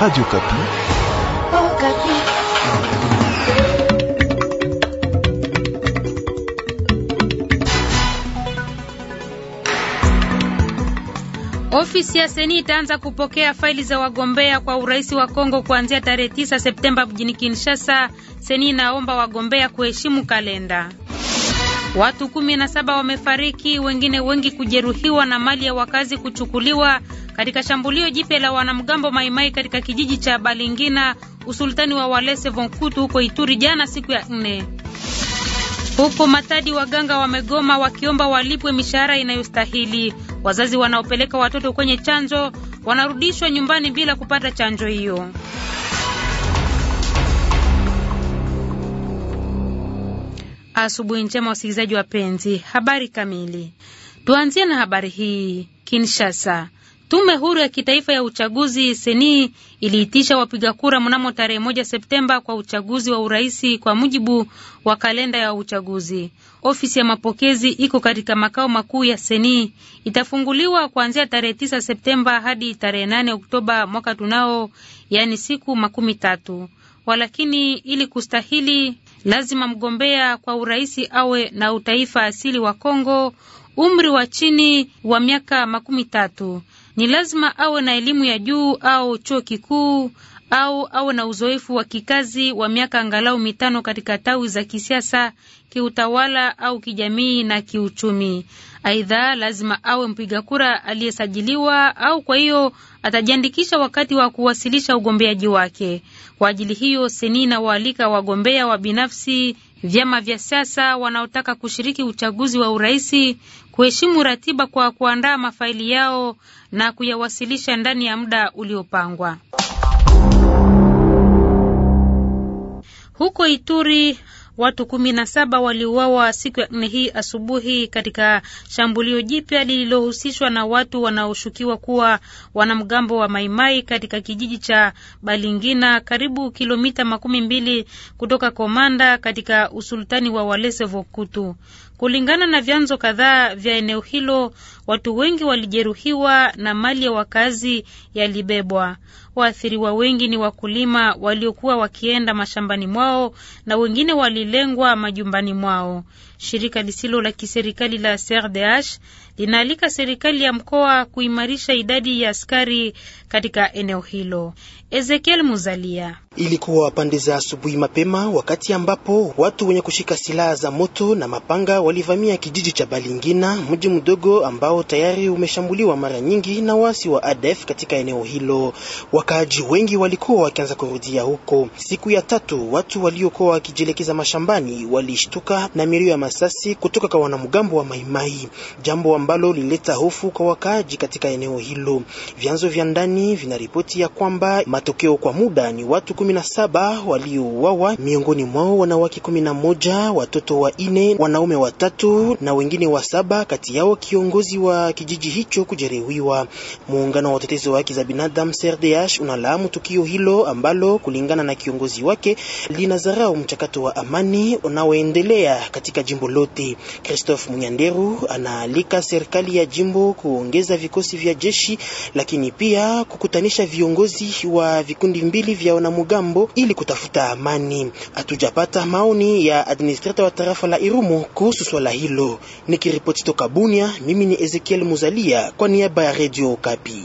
Radio Kapi. Oh, Kapi. Ofisi ya Seni itaanza kupokea faili za wagombea kwa urais wa Kongo kuanzia tarehe 9 Septemba mjini Kinshasa. Seni inaomba wagombea kuheshimu kalenda. Watu kumi na saba wamefariki, wengine wengi kujeruhiwa na mali ya wakazi kuchukuliwa katika shambulio jipya la wanamgambo Maimai katika kijiji cha Balingina, usultani wa Walese Vonkutu huko Ituri jana siku ya nne. Huko Matadi waganga wamegoma wakiomba walipwe mishahara inayostahili. Wazazi wanaopeleka watoto kwenye chanjo wanarudishwa nyumbani bila kupata chanjo hiyo. Asubuhi njema wasikilizaji wapenzi, habari kamili. Tuanzie na habari hii. Kinshasa, tume huru ya kitaifa ya uchaguzi Seni iliitisha wapiga kura mnamo tarehe moja Septemba kwa uchaguzi wa uraisi kwa mujibu wa kalenda ya uchaguzi. Ofisi ya mapokezi iko katika makao makuu ya Seni, itafunguliwa kuanzia tarehe tisa Septemba hadi tarehe nane Oktoba mwaka tunao, yaani siku makumi tatu. Walakini ili kustahili lazima mgombea kwa uraisi awe na utaifa asili wa Kongo, umri wa chini wa miaka makumi tatu. Ni lazima awe na elimu ya juu au chuo kikuu au awe na uzoefu wa kikazi wa miaka angalau mitano katika tawi za kisiasa, kiutawala au kijamii na kiuchumi. Aidha, lazima awe mpiga kura aliyesajiliwa au kwa hiyo atajiandikisha wakati wa kuwasilisha ugombeaji wake. Kwa ajili hiyo, seni inawaalika wagombea wa binafsi, vyama vya siasa wanaotaka kushiriki uchaguzi wa uraisi kuheshimu ratiba kwa kuandaa mafaili yao na kuyawasilisha ndani ya muda uliopangwa. Huko Ituri Watu kumi na saba waliuawa siku ya nne hii asubuhi katika shambulio jipya lililohusishwa na watu wanaoshukiwa kuwa wanamgambo wa Maimai katika kijiji cha Balingina karibu kilomita makumi mbili kutoka Komanda katika usultani wa Walese Vokutu. Kulingana na vyanzo kadhaa vya eneo hilo, watu wengi walijeruhiwa na mali ya wakazi yalibebwa. Waathiriwa wengi ni wakulima waliokuwa wakienda mashambani mwao na wengine walilengwa majumbani mwao. Shirika lisilo la kiserikali la CRDH linaalika serikali ya mkoa kuimarisha idadi ya askari katika eneo hilo. Ezekiel Muzalia. Ilikuwa pande za asubuhi mapema, wakati ambapo watu wenye kushika silaha za moto na mapanga walivamia kijiji cha Balingina, mji mdogo ambao tayari umeshambuliwa mara nyingi na wasi wa ADF katika eneo hilo. Wakaaji wengi walikuwa wakianza kurudia huko. Siku ya tatu, watu waliokuwa wakijielekeza mashambani walishtuka na milio ya masasi kutoka kwa wanamgambo wa Maimai, jambo ambalo lilileta hofu kwa wakaaji katika eneo hilo. Vyanzo vya ndani vinaripoti ya kwamba matokeo kwa muda ni watu 17 waliouawa, miongoni mwao wanawake 11, watoto wanne, wanaume wa watatu na wengine wa saba, kati yao kiongozi wa kijiji hicho kujeruhiwa. Muungano wa utetezi wa haki za binadamu CRDH unalaamu tukio hilo ambalo kulingana na kiongozi wake linazarau mchakato wa amani unaoendelea katika jimbo lote. Christophe Munyanderu anaalika serikali ya jimbo kuongeza vikosi vya jeshi, lakini pia kukutanisha viongozi wa vikundi mbili vya wanamugambo ili kutafuta amani. Hatujapata maoni ya administrator wa tarafa la Irumu kuhusu swala hilo. Nikiripoti toka Bunia, mimi ni Ezekiel Muzalia kwa niaba ya Redio Okapi.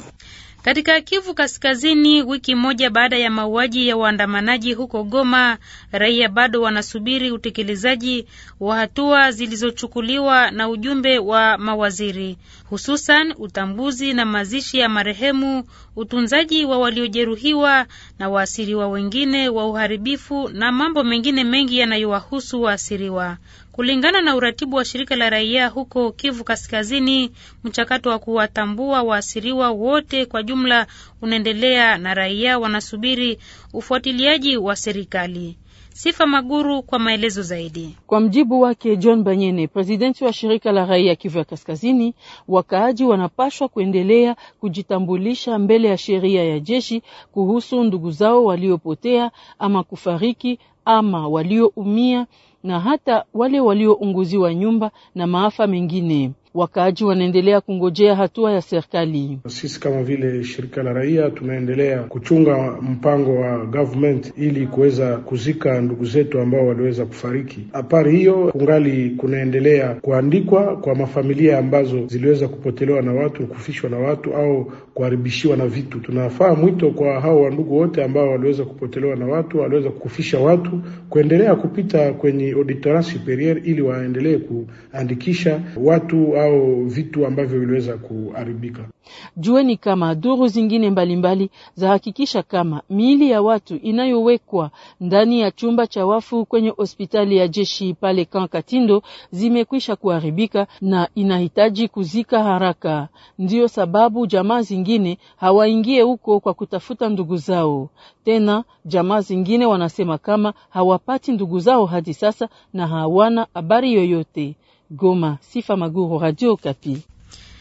Katika Kivu Kaskazini, wiki moja baada ya mauaji ya waandamanaji huko Goma, raia bado wanasubiri utekelezaji wa hatua zilizochukuliwa na ujumbe wa mawaziri, hususan utambuzi na mazishi ya marehemu, utunzaji wa waliojeruhiwa na waasiriwa wengine wa uharibifu na mambo mengine mengi yanayowahusu waasiriwa. Kulingana na uratibu wa shirika la raia huko Kivu Kaskazini, mchakato wa kuwatambua waasiriwa wote kwa jumla unaendelea na raia wanasubiri ufuatiliaji wa serikali. Sifa Maguru kwa maelezo zaidi. Kwa mjibu wake John Banyene, presidenti wa shirika la raia Kivu ya Kaskazini, wakaaji wanapashwa kuendelea kujitambulisha mbele ya sheria ya jeshi kuhusu ndugu zao waliopotea ama kufariki ama walioumia na hata wale waliounguziwa nyumba na maafa mengine. Wakaaji wanaendelea kungojea hatua ya serikali. Sisi kama vile shirika la raia tunaendelea kuchunga mpango wa government ili kuweza kuzika ndugu zetu ambao waliweza kufariki. Apari hiyo kungali kunaendelea kuandikwa kwa mafamilia ambazo ziliweza kupotelewa na watu, kufishwa na watu au kuharibishiwa na vitu. Tunafaa mwito kwa hao wandugu wote ambao waliweza kupotelewa na watu, waliweza kufisha watu, kuendelea kupita kwenye auditorat superieur ili waendelee kuandikisha watu au vitu ambavyo viliweza kuharibika. Jueni kama duru zingine mbalimbali zahakikisha kama miili ya watu inayowekwa ndani ya chumba cha wafu kwenye hospitali ya jeshi pale Kan Katindo zimekwisha kuharibika na inahitaji kuzika haraka. Ndiyo sababu jamaa zingine hawaingie huko kwa kutafuta ndugu zao. Tena jamaa zingine wanasema kama hawapati ndugu zao hadi sasa na hawana habari yoyote. Goma. Sifa Maguru, Radio Kapi.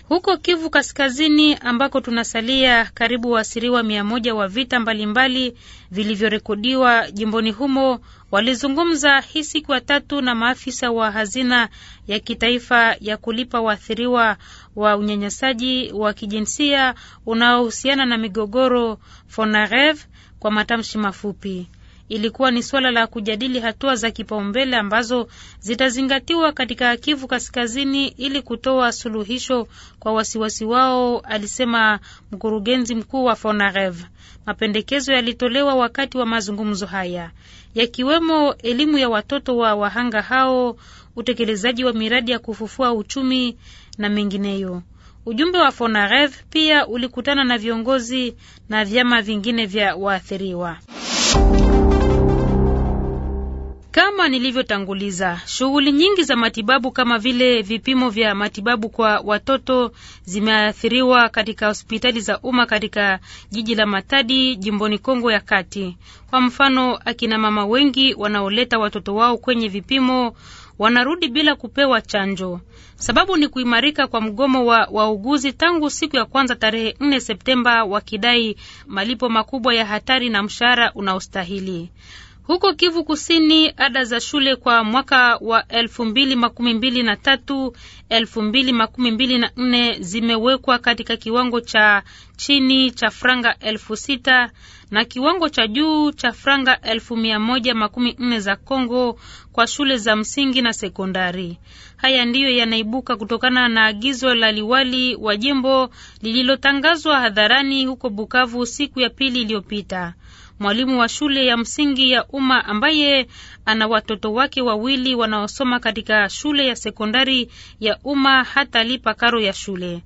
Huko Kivu Kaskazini ambako tunasalia karibu waasiriwa mia moja wa vita mbalimbali vilivyorekodiwa jimboni humo walizungumza hii siku ya tatu na maafisa wa hazina ya kitaifa ya kulipa waathiriwa wa unyanyasaji wa kijinsia unaohusiana na migogoro FONAREV kwa matamshi mafupi ilikuwa ni suala la kujadili hatua za kipaumbele ambazo zitazingatiwa katika Kivu Kaskazini ili kutoa suluhisho kwa wasiwasi wao, alisema mkurugenzi mkuu wa FONAREV. Mapendekezo yalitolewa wakati wa mazungumzo haya, yakiwemo elimu ya watoto wa wahanga hao, utekelezaji wa miradi ya kufufua uchumi na mengineyo. Ujumbe wa FONAREV pia ulikutana na viongozi na vyama vingine vya waathiriwa. Kama nilivyotanguliza, shughuli nyingi za matibabu kama vile vipimo vya matibabu kwa watoto zimeathiriwa katika hospitali za umma katika jiji la Matadi, jimboni Kongo ya Kati. Kwa mfano, akina mama wengi wanaoleta watoto wao kwenye vipimo wanarudi bila kupewa chanjo. Sababu ni kuimarika kwa mgomo wa wauguzi tangu siku ya kwanza tarehe 4 Septemba, wakidai malipo makubwa ya hatari na mshahara unaostahili. Huko Kivu Kusini, ada za shule kwa mwaka wa elfu mbili makumi mbili na tatu elfu mbili makumi mbili na nne zimewekwa katika kiwango cha chini cha franga elfu sita na kiwango cha juu cha franga elfu mia moja makumi nne za Congo kwa shule za msingi na sekondari. Haya ndiyo yanaibuka kutokana na agizo la liwali wa jimbo lililotangazwa hadharani huko Bukavu siku ya pili iliyopita mwalimu wa shule ya msingi ya umma ambaye ana watoto wake wawili wanaosoma katika shule ya sekondari ya umma hatalipa karo ya shule.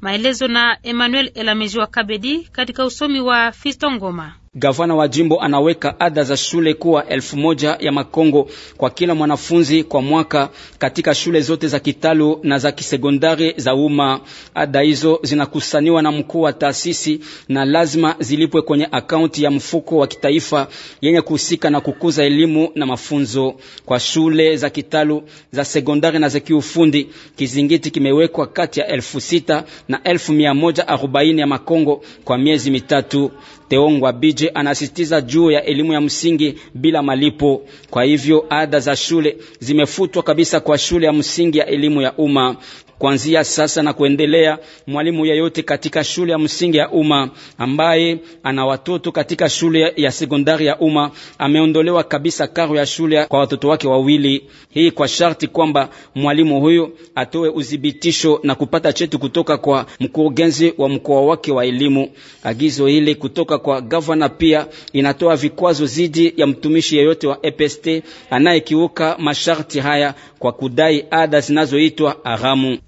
Maelezo na Emmanuel Elamejiwa Kabedi katika usomi wa Fisto Ngoma. Gavana wa jimbo anaweka ada za shule kuwa elfu moja ya makongo kwa kila mwanafunzi kwa mwaka katika shule zote za kitalu na za kisekondari za umma. Ada hizo zinakusaniwa na mkuu wa taasisi na lazima zilipwe kwenye akaunti ya mfuko wa kitaifa yenye kuhusika na kukuza elimu na mafunzo. Kwa shule za kitalu za sekondari na za kiufundi, kizingiti kimewekwa kati ya elfu sita na elfu mia moja arobaini ya makongo kwa miezi mitatu. Teongwa Bije anasisitiza juu ya elimu ya msingi bila malipo. Kwa hivyo ada za shule zimefutwa kabisa kwa shule ya msingi ya elimu ya umma. Kuanzia sasa na kuendelea, mwalimu yeyote katika shule ya msingi ya umma ambaye ana watoto katika shule ya sekondari ya umma ameondolewa kabisa karo ya shule kwa watoto wake wawili. Hii kwa sharti kwamba mwalimu huyo atoe udhibitisho na kupata cheti kutoka kwa mkurugenzi wa mkoa wake wa elimu. Agizo hili kutoka kwa gavana pia inatoa vikwazo dhidi ya mtumishi yeyote wa EPST anayekiuka masharti haya kwa kudai ada zinazoitwa haramu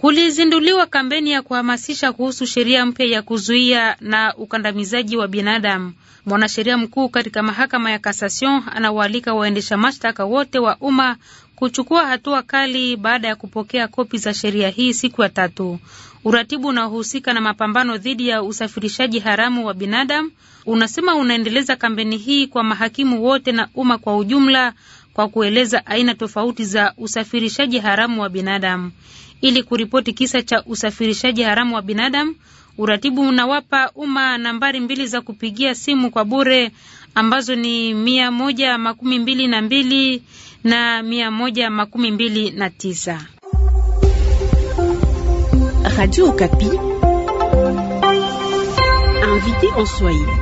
kulizinduliwa kampeni ya kuhamasisha kuhusu sheria mpya ya kuzuia na ukandamizaji wa binadamu. Mwanasheria mkuu katika mahakama ya Kasasion anawaalika waendesha mashtaka wote wa umma kuchukua hatua kali baada ya kupokea kopi za sheria hii siku ya tatu. Uratibu unaohusika na mapambano dhidi ya usafirishaji haramu wa binadamu unasema unaendeleza kampeni hii kwa mahakimu wote na umma kwa ujumla, kwa kueleza aina tofauti za usafirishaji haramu wa binadamu ili kuripoti kisa cha usafirishaji haramu wa binadamu. Uratibu unawapa umma nambari mbili za kupigia simu kwa bure ambazo ni mia moja makumi mbili na mbili na mia moja makumi mbili na tisa. Radio invité en Swahili.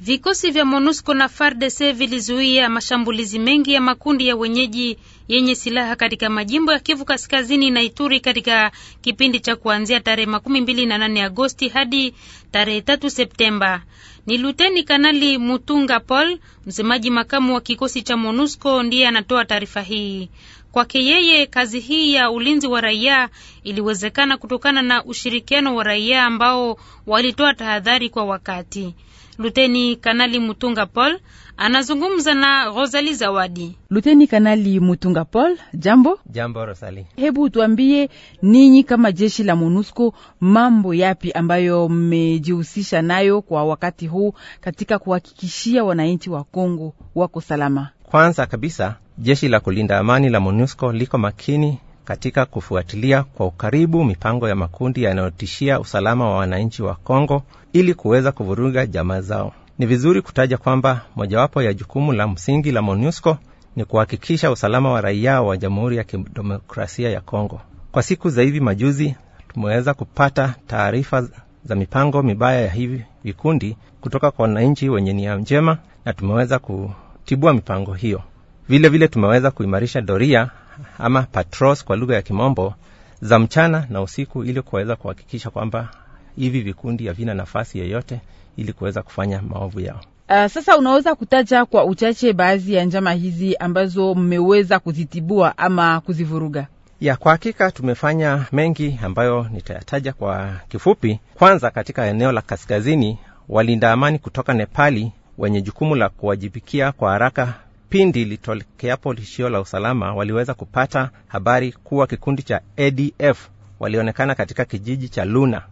Vikosi vya MONUSCO na FARDC vilizuia mashambulizi mengi ya makundi ya wenyeji yenye silaha katika majimbo ya Kivu Kaskazini na Ituri katika kipindi cha kuanzia tarehe makumi mbili na nane Agosti hadi tarehe tatu Septemba. Ni Luteni Kanali Mutunga Paul, msemaji makamu wa kikosi cha MONUSCO, ndiye anatoa taarifa hii. Kwake yeye kazi hii ya ulinzi wa raia iliwezekana kutokana na ushirikiano wa raia ambao walitoa tahadhari kwa wakati. Luteni Kanali Mutunga Paul Anazungumza na Rosali Zawadi. Luteni Kanali Mutunga Paul, jambo. Jambo Rosali, hebu tuambie ninyi kama jeshi la MONUSCO mambo yapi ambayo mmejihusisha nayo kwa wakati huu katika kuhakikishia wananchi wa Kongo wako salama? Kwanza kabisa jeshi la kulinda amani la MONUSCO liko makini katika kufuatilia kwa ukaribu mipango ya makundi yanayotishia usalama wa wananchi wa Kongo ili kuweza kuvuruga jamaa zao. Ni vizuri kutaja kwamba mojawapo ya jukumu la msingi la MONUSCO ni kuhakikisha usalama wa raia wa Jamhuri ya Kidemokrasia ya Kongo. Kwa siku za hivi majuzi tumeweza kupata taarifa za mipango mibaya ya hivi vikundi kutoka kwa wananchi wenye nia njema na tumeweza kutibua mipango hiyo. Vile vile tumeweza kuimarisha doria ama patros kwa lugha ya Kimombo za mchana na usiku ili kuweza kuhakikisha kwamba hivi vikundi havina nafasi yoyote ili kuweza kufanya maovu yao. Uh, sasa unaweza kutaja kwa uchache baadhi ya njama hizi ambazo mmeweza kuzitibua ama kuzivuruga? Ya, kwa hakika tumefanya mengi ambayo nitayataja kwa kifupi. Kwanza, katika eneo la kaskazini, walinda amani kutoka Nepali wenye jukumu la kuwajibikia kwa haraka pindi litokeapo tishio la usalama waliweza kupata habari kuwa kikundi cha ADF walionekana katika kijiji cha Luna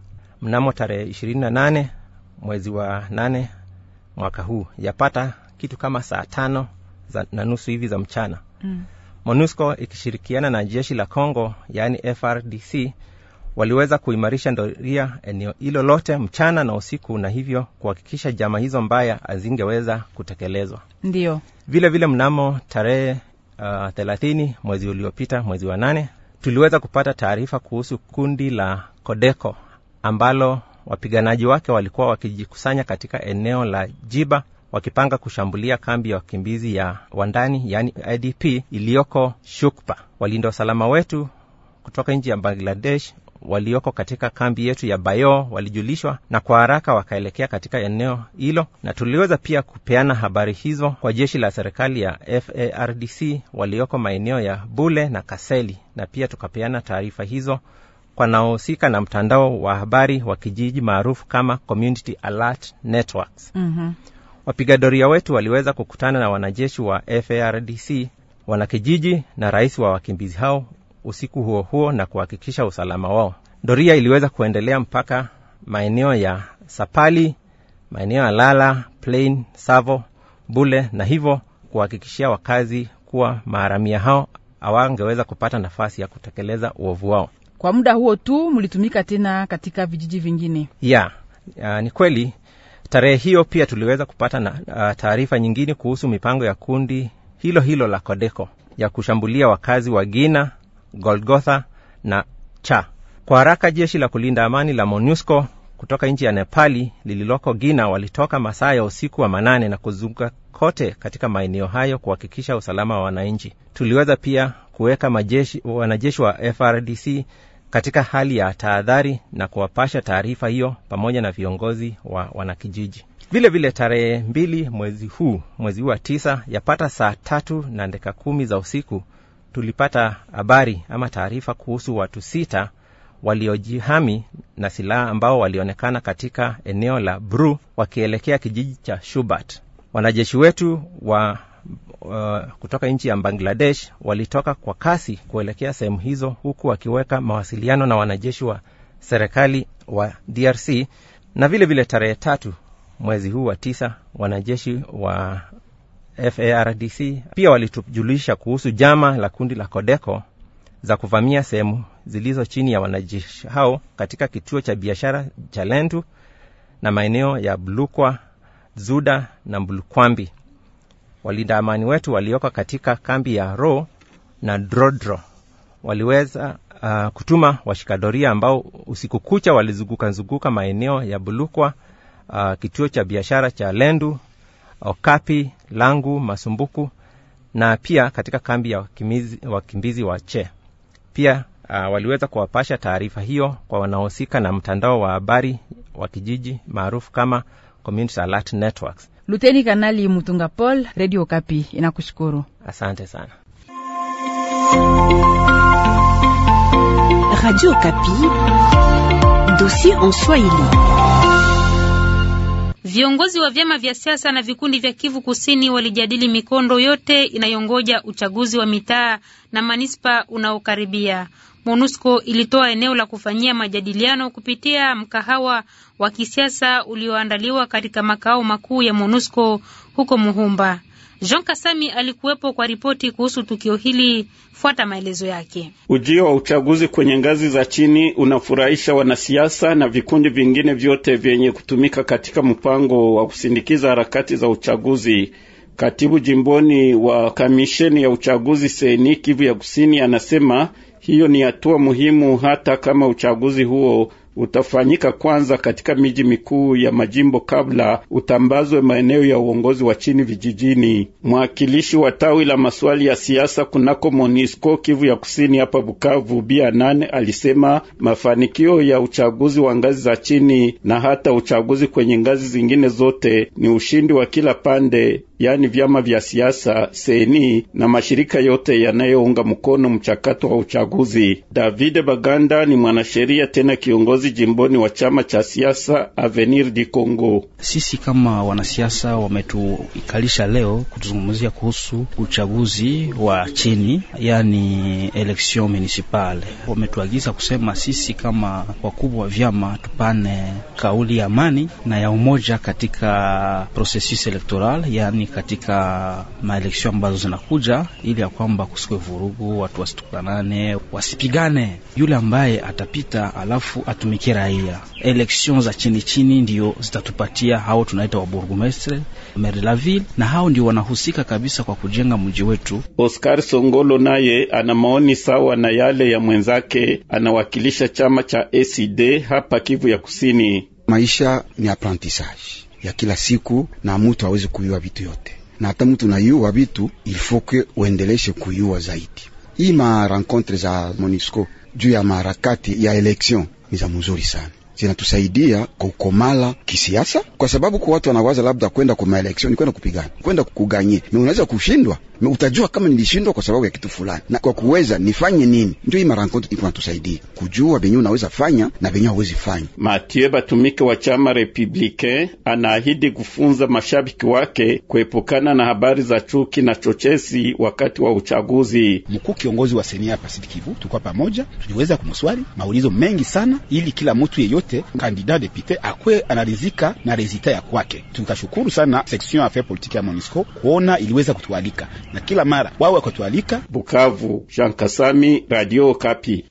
mnamo tarehe mwezi wa nane mwaka huu yapata kitu kama saa tano na nusu hivi za mchana mm. MONUSCO ikishirikiana na jeshi la Congo yaani FRDC waliweza kuimarisha doria eneo hilo lote mchana na usiku, na hivyo kuhakikisha jama hizo mbaya hazingeweza kutekelezwa. Ndio vile vile mnamo tarehe uh, mwezi uliopita, mwezi wa nane, tuliweza kupata taarifa kuhusu kundi la Kodeko ambalo wapiganaji wake walikuwa wakijikusanya katika eneo la Jiba wakipanga kushambulia kambi ya wakimbizi ya wandani yani IDP iliyoko Shukpa. Walinda usalama wetu kutoka nchi ya Bangladesh walioko katika kambi yetu ya Bayo walijulishwa na kwa haraka wakaelekea katika eneo hilo, na tuliweza pia kupeana habari hizo kwa jeshi la serikali ya FARDC walioko maeneo ya Bule na Kaseli, na pia tukapeana taarifa hizo wanaohusika na mtandao wa habari wa kijiji maarufu kama Community Alert Networks. Mm-hmm. Wapiga doria wetu waliweza kukutana na wanajeshi wa FARDC, wanakijiji na rais wa wakimbizi hao usiku huo huo na kuhakikisha usalama wao. Doria iliweza kuendelea mpaka maeneo ya Sapali, maeneo ya Lala, Plain, Savo, Bule na hivyo kuhakikishia wakazi kuwa maharamia hao hawangeweza kupata nafasi ya kutekeleza uovu wao. Kwa muda huo tu mlitumika tena katika vijiji vingine ya yeah. Uh, ni kweli tarehe hiyo pia tuliweza kupata na uh, taarifa nyingine kuhusu mipango ya kundi hilo hilo la Kodeko ya kushambulia wakazi wa Gina, Golgotha na Cha. Kwa haraka jeshi la kulinda amani la MONUSCO kutoka nchi ya Nepali lililoko Gina walitoka masaa ya usiku wa manane na kuzunguka kote katika maeneo hayo kuhakikisha usalama wa wananchi. Tuliweza pia kuweka majeshi, wanajeshi wa FRDC katika hali ya tahadhari na kuwapasha taarifa hiyo pamoja na viongozi wa wanakijiji. Vile vile tarehe mbili mwezi huu mwezi huu wa tisa, yapata saa tatu na dakika kumi za usiku tulipata habari ama taarifa kuhusu watu sita waliojihami na silaha ambao walionekana katika eneo la Bru wakielekea kijiji cha Shubat. Wanajeshi wetu wa uh, kutoka nchi ya Bangladesh walitoka kwa kasi kuelekea sehemu hizo, huku wakiweka mawasiliano na wanajeshi wa serikali wa DRC. Na vilevile vile tarehe tatu mwezi huu wa tisa, wanajeshi wa FARDC pia walitujulisha kuhusu jama la kundi la Kodeko za kuvamia sehemu zilizo chini ya wanajeshi hao katika kituo cha biashara cha Lendu na maeneo ya Blukwa, Zuda na blukwambi walinda amani wetu walioko katika kambi ya Ro na Drodro waliweza uh, kutuma washikadoria ambao usiku kucha walizunguka maeneo ya Bulukwa, uh, kituo cha biashara cha Lendu, Okapi, Langu, Masumbuku na pia katika kambi ya wakimbizi, wakimbizi wa Che. Pia uh, waliweza kuwapasha taarifa hiyo kwa wanaohusika na mtandao wa habari wa kijiji maarufu kama Community Alert Networks. Luteni Kanali Mutunga Paul, Radio Kapi inakushukuru. Asante sana. Radio Kapi, dosie en Swahili. Viongozi wa vyama vya siasa na vikundi vya Kivu Kusini walijadili mikondo yote inayongoja uchaguzi wa mitaa na manispa unaokaribia. MONUSCO ilitoa eneo la kufanyia majadiliano kupitia mkahawa wa kisiasa ulioandaliwa katika makao makuu ya MONUSCO huko Muhumba. Jean Kasami alikuwepo kwa ripoti kuhusu tukio hili. Fuata maelezo yake. Ujio wa uchaguzi kwenye ngazi za chini unafurahisha wanasiasa na vikundi vingine vyote vyenye kutumika katika mpango wa kusindikiza harakati za uchaguzi. Katibu jimboni wa kamisheni ya uchaguzi Seni Kivu ya Kusini anasema hiyo ni hatua muhimu, hata kama uchaguzi huo utafanyika kwanza katika miji mikuu ya majimbo kabla utambazwe maeneo ya uongozi wa chini vijijini. Mwakilishi wa tawi la maswali ya siasa kunako Monisco Kivu ya Kusini hapa Bukavu, Bia Nane, alisema mafanikio ya uchaguzi wa ngazi za chini na hata uchaguzi kwenye ngazi zingine zote ni ushindi wa kila pande, yaani vyama vya siasa, seni na mashirika yote yanayounga mkono mchakato wa uchaguzi. David Baganda ni mwanasheria tena kiongozi viongozi jimboni wa chama cha siasa Avenir du Congo. Sisi kama wanasiasa wametuikalisha leo kutuzungumzia kuhusu uchaguzi wa chini, yani election municipale. Wametuagiza kusema sisi kama wakubwa wa vyama tupane kauli ya amani na ya umoja katika processus electoral, yani katika maeleksio ambazo zinakuja, ili ya kwamba kusikwe vurugu, watu wasitukanane, wasipigane. Yule ambaye atapita alafu atumie ni kiraia. Eleksion za chini chini ndio zitatupatia hao tunaita waburgumestre, de la ville, na hao ndio wanahusika kabisa kwa kujenga mji wetu. Oscar Songolo naye ana maoni sawa na yale ya mwenzake, anawakilisha chama cha ACD hapa Kivu ya Kusini. Maisha ni apprentissage ya kila siku, na mutu awezi kuyua vitu yote, na hata mutu nayuwa vitu ilfoke uendeleshe kuyua zaidi. Hii ma rencontre za MONUSCO juu ya maharakati ya election ni za mzuri sana zinatusaidia kukomala kisiasa, kwa sababu kwa watu wanawaza labda kwenda kwa ni kwenda kupigana, kwenda kuganye, me unaweza kushindwa, na utajua kama nilishindwa kwa sababu ya kitu fulani, na kwa kuweza nifanye nini. Ndio hii marankoto iko natusaidia kujua venye unaweza fanya na venye hauwezi fanya. Mathieu Batumike wa chama Republicain anaahidi kufunza mashabiki wake kuepukana na habari za chuki na chochezi wakati wa uchaguzi mkuu. Kiongozi wa senia hapa Sud Kivu, pamoja, tuliweza kumuswali maulizo mengi sana, ili kila mutu yeyote yote kandida depute akwe anarizika na rezita ya kwake. Tutashukuru sana section ya affaires politique ya MONUSCO kuona iliweza kutualika na kila mara wao wakatualika. Bukavu, Jean Kasami, Radio Kapi.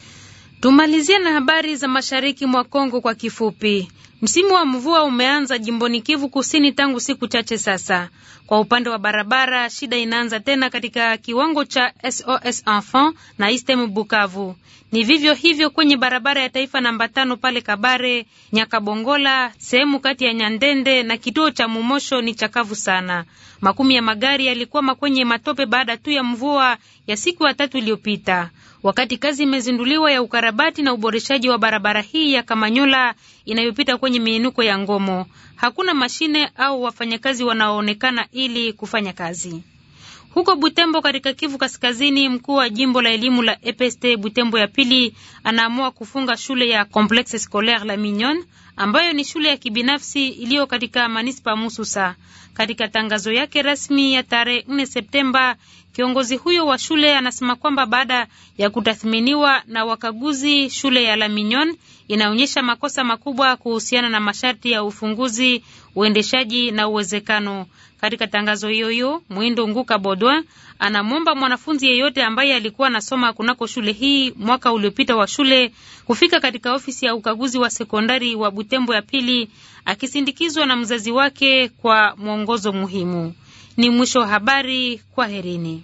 Tumalizie na habari za mashariki mwa Kongo kwa kifupi. Msimu wa mvua umeanza jimboni Kivu Kusini tangu siku chache sasa. Kwa upande wa barabara, shida inaanza tena katika kiwango cha SOS Enfant na Istem Bukavu. Ni vivyo hivyo kwenye barabara ya taifa namba tano pale Kabare, Nyakabongola, sehemu kati ya Nyandende na kituo cha Mumosho ni chakavu sana. Makumi ya magari yalikwama kwenye matope baada tu ya mvua ya siku ya tatu iliyopita wakati kazi imezinduliwa ya ukarabati na uboreshaji wa barabara hii ya Kamanyola inayopita kwenye miinuko ya Ngomo. Hakuna mashine au wafanyakazi wanaoonekana ili kufanya kazi. Huko Butembo katika Kivu Kaskazini, mkuu wa jimbo la elimu la EPST Butembo ya pili anaamua kufunga shule ya Complexe Scolaire La Mignon ambayo ni shule ya kibinafsi iliyo katika manispa Mususa. Katika tangazo yake rasmi ya tarehe 4 Septemba, Kiongozi huyo wa shule anasema kwamba baada ya kutathminiwa na wakaguzi, shule ya La inaonyesha makosa makubwa kuhusiana na masharti ya ufunguzi, uendeshaji na uwezekano. Katika tangazo hiyo hiyo, Mwindo Nguka Bodwin anamwomba mwanafunzi yeyote ambaye alikuwa anasoma kunako shule hii mwaka uliopita wa shule kufika katika ofisi ya ukaguzi wa sekondari wa Butembo ya pili akisindikizwa na mzazi wake kwa mwongozo muhimu. Ni mwisho wa habari. Kwaherini.